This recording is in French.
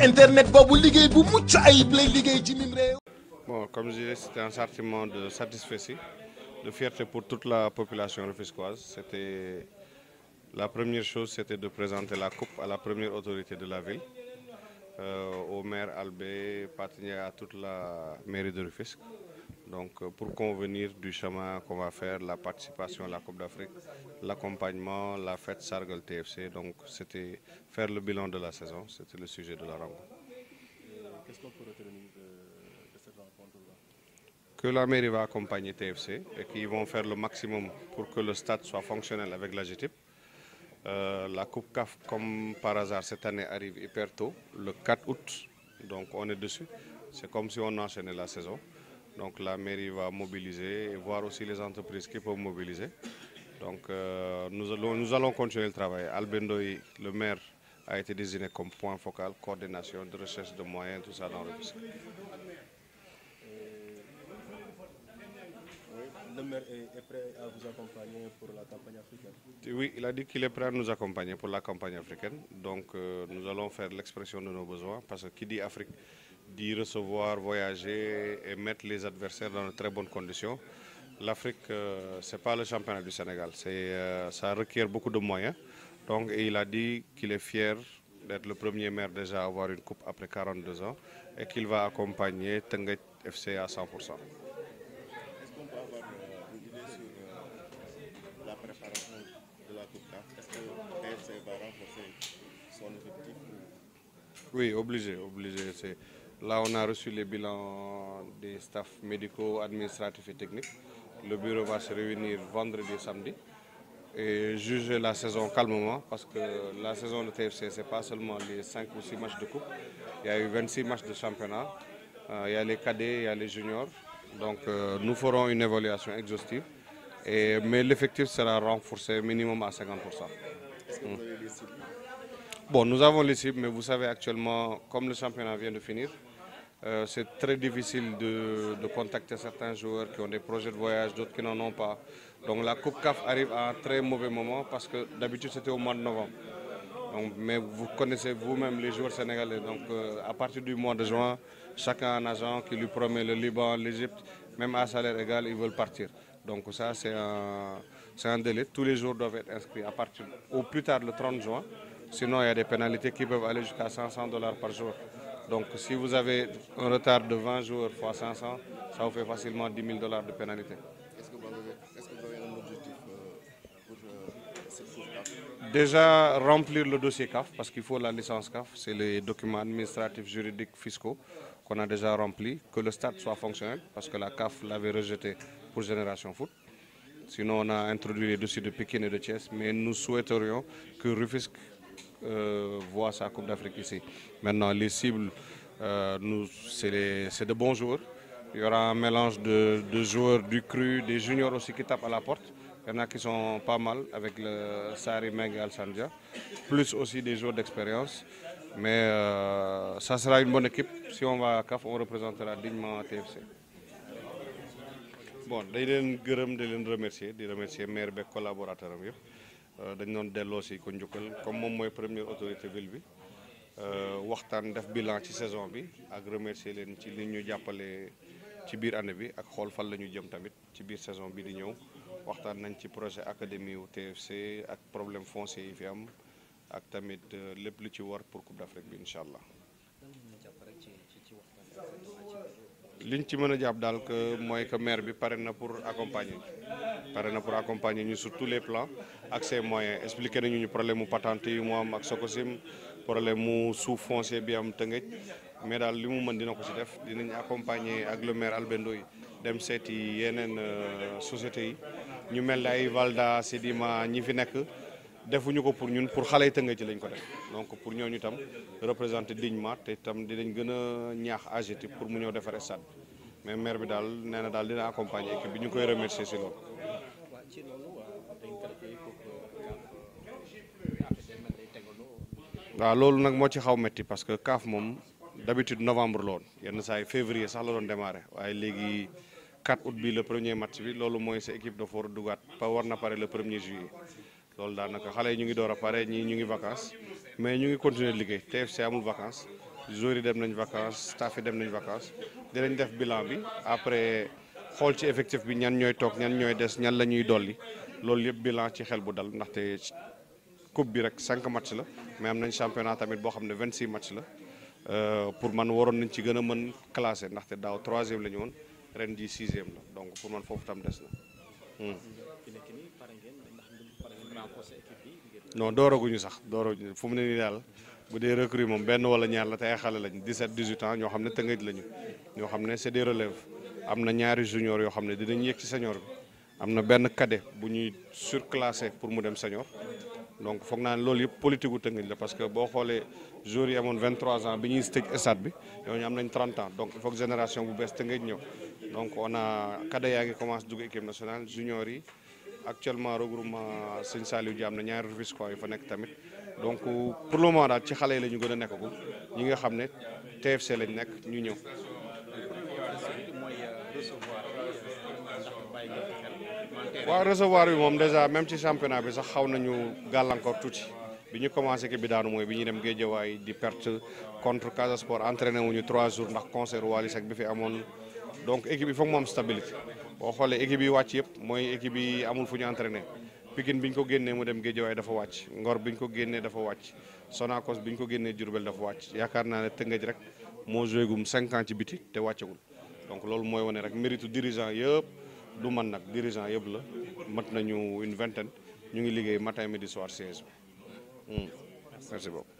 internet comme je disais c'était un sentiment de satisfaction de fierté pour toute la population rufiscoise. c'était la première chose c'était de présenter la coupe à la première autorité de la ville euh, au maire Albé à toute la mairie de Rufisque donc, euh, pour convenir du chemin qu'on va faire, la participation à la Coupe d'Afrique, l'accompagnement, la fête sargol TFC. Donc, c'était faire le bilan de la saison, c'était le sujet de la rencontre. Qu'est-ce qu'on peut retenir de, cette rencontre-là Que la va accompagner TFC et qu'ils vont faire le maximum pour que le stade soit fonctionnel avec la GTIP. Euh, la Coupe CAF, comme par hasard, cette année arrive hyper tôt, le 4 août. Donc, on est dessus. C'est comme si on enchaînait la saison. Donc la mairie va mobiliser et voir aussi les entreprises qui peuvent mobiliser. Donc euh, nous, allons, nous allons continuer le travail. Albendoï, le maire, a été désigné comme point focal, coordination de recherche de moyens, tout ça dans le district. Euh, le maire est prêt à vous accompagner pour la campagne africaine Oui, il a dit qu'il est prêt à nous accompagner pour la campagne africaine. Donc euh, nous allons faire l'expression de nos besoins, parce que qui dit Afrique d'y recevoir, voyager et mettre les adversaires dans de très bonnes conditions. L'Afrique, euh, c'est ce n'est pas le championnat du Sénégal, C'est, euh, ça requiert beaucoup de moyens. Donc il a dit qu'il est fier d'être le premier maire déjà à avoir une coupe après 42 ans et qu'il va accompagner Tenguet FC à 100%. Euh, hein? Oui, obligé, obligé. Là, on a reçu les bilans des staffs médicaux, administratifs et techniques. Le bureau va se réunir vendredi et samedi et juger la saison calmement parce que la saison de TFC, ce n'est pas seulement les 5 ou 6 matchs de coupe. Il y a eu 26 matchs de championnat. Euh, il y a les cadets, il y a les juniors. Donc euh, nous ferons une évaluation exhaustive. Et, mais l'effectif sera renforcé minimum à 50%. Est-ce Bon, nous avons les cibles, mais vous savez actuellement, comme le championnat vient de finir, euh, c'est très difficile de, contacter certains joueurs qui ont des projets de voyage, d'autres qui n'en ont pas. Donc la Coupe CAF arrive à un très mauvais moment parce que d'habitude c'était au mois de novembre. mais vous connaissez vous-même les joueurs sénégalais. Donc euh, à partir du mois de juin, chacun a un agent qui lui promet le Liban, l'Égypte, même à salaire égal, ils veulent partir. Donc ça c'est un, un, délai. Tous les jours doivent être inscrits à partir au plus tard le 30 juin. Sinon il y a des pénalités qui peuvent aller jusqu'à 500 dollars par jour. Donc si vous avez un retard de 20 jours fois 500, ça vous fait facilement 10 000 dollars de pénalité. Est-ce que, vous avez un objectif euh, pour euh, CAF Déjà remplir le dossier CAF, parce qu'il faut la licence CAF, c'est les documents administratifs, juridiques, fiscaux qu'on a déjà remplis, que le stade soit fonctionnel, parce que la CAF l'avait rejeté pour Génération Foot. Sinon, on a introduit les dossiers de Pékin et de Thiès, mais nous souhaiterions que Rufisque euh, voit sa Coupe d'Afrique ici. Maintenant, les cibles, euh, nous c'est de bons joueurs. Il y aura un mélange de, joueurs du cru, des juniors aussi qui tapent à la porte. Il y en a qui sont pas mal avec le Sahari Meng et Al-Sandia. Plus aussi des joueurs d'expérience. Mais euh, ça sera une bonne équipe. Si on va à CAF, on représentera dignement TFC. Bon, je vous remercie, mes collaborateurs. Euh, dañ doon delloo si ko njukkal comme moom mooy première autorité ville bi euh, waxtaan def bilan ci saison bi ak remercier leen ci li ñu jàppale ci biir année bi ak xool fan la ñu jëm tamit ci biir saison bi di ñëw waxtaan nañ ci projet académie wu TFC ak problème foncier yi fi am ak tamit euh, lépp lu ci war pour Coupe d'Afrique bi incha allah. liñ ci mën a jàpp que mooy que maire bi pare na pour accompagner pare na pour accompagner ñu sur tous les plans ak ses moyens expliqué nañu ñu problème mu patente yi mu am ak Socosim problème mu suuf foncier bi am Tëngëj mais daal li mën dina ko ci def dinañ accompagner ak le maire Albendo yi dem seeti yeneen euh, sociétés yi ñu mel ay Valda Sedima ñi fi defuñu ko pour ñun pour xale yi Tëngéej ci lañ ko def donc pour ñooñu itam représenter dignement te itam dinañ gën a ñaax AGETIP pour mu ñëw defar stade mais maire bi daal nee na dina accompagner équipe bi ñu koy remercier si loolu. waaw loolu nag moo ci xaw metti parce que CAF moom d'habitude novembre la woon yenn saa yi février sax la doon démarrer waaye léegi 4 août bi le premier match bi loolu mooy sa équipe dafa war a pa warna na pare le juillet loolu daanaka xale yi ñu ngi door a pare ñu ngi vacances mais ñu ngi continuer liggéey TFC amul vacances joueurs yi dem nañ vacances staff dem nañ vacances dinañ def bilan bi après xool ci effectif bi ñan ñooy toog ñan ñooy des ñan la ñuy dolli loolu yëpp bilan ci xel bu dal ndaxte coupe bi rek cinq match la mais am nañ championnat tamit boo xam ne vingt six match la euh, pour man waroon nañ ci gën a mën classé ndaxte ren la donc pour man tam na. Hmm non dooraguñu sax dooraguñu fu mu ne nii daal bu dee recrue moom benn wala ñaar la te ay xale lañ 17 18 ans ñoo xam ne tëngëj lañu ñoo xam ne c'est des relèves am ñaari junior yoo xam ne dinañ yéeg ci senior Amna am na benn cadet bu surclassé pour mu dem senior donc foog naa ne loolu yëpp politique gu tëngëj la parce que boo xoolee joueurs yi amoon 23 ans bi ñuy tëj stade bi ñooñu am nañ 30 ans donc il faut que génération bu bees tëngëj ñëw donc on a cadet yaa ngi dugg équipe nationale junior yi. actuellement regroupement sëñ Saliou Dia am na ñaari Rufisquois yu fa nekk tamit donc pour le moment daal ci xale yi la ñu gën a nekk nekkagum ñi nga xam ne TFC lañ nekk ñu ñëw. waaw recevoir bi moom déjà même ci championnat bi sax xaw nañu gàllankoor tuuti bi ñu commencé ki bi daanu mooy bi ñu dem Guédiawaye di perte contre Casa Sport entraîné wuñu trois jours ndax concert Walis ak bi fi amoon. donc équipe yi foog mu stabilité boo xoolee équipe yi wàcc yëpp mooy équipe yi amul fu ñu entraîné Pikine bi ñu ko génnee mu dem Guédiawaye dafa wàcc Ngor bi ñu ko génnee dafa wàcc Sonacos bi ñu ko génnee Diourbel dafa wàcc yaakaar naa ne Tëngéej rek moo joué gum 5 ans ci biti te wàccagul donc loolu mooy wane rek méritu dirigeant yëpp du man nag dirigeant yëpp la mat nañu une vingtaine ñu ngi liggéey matin midi soir siège bi hmm. merci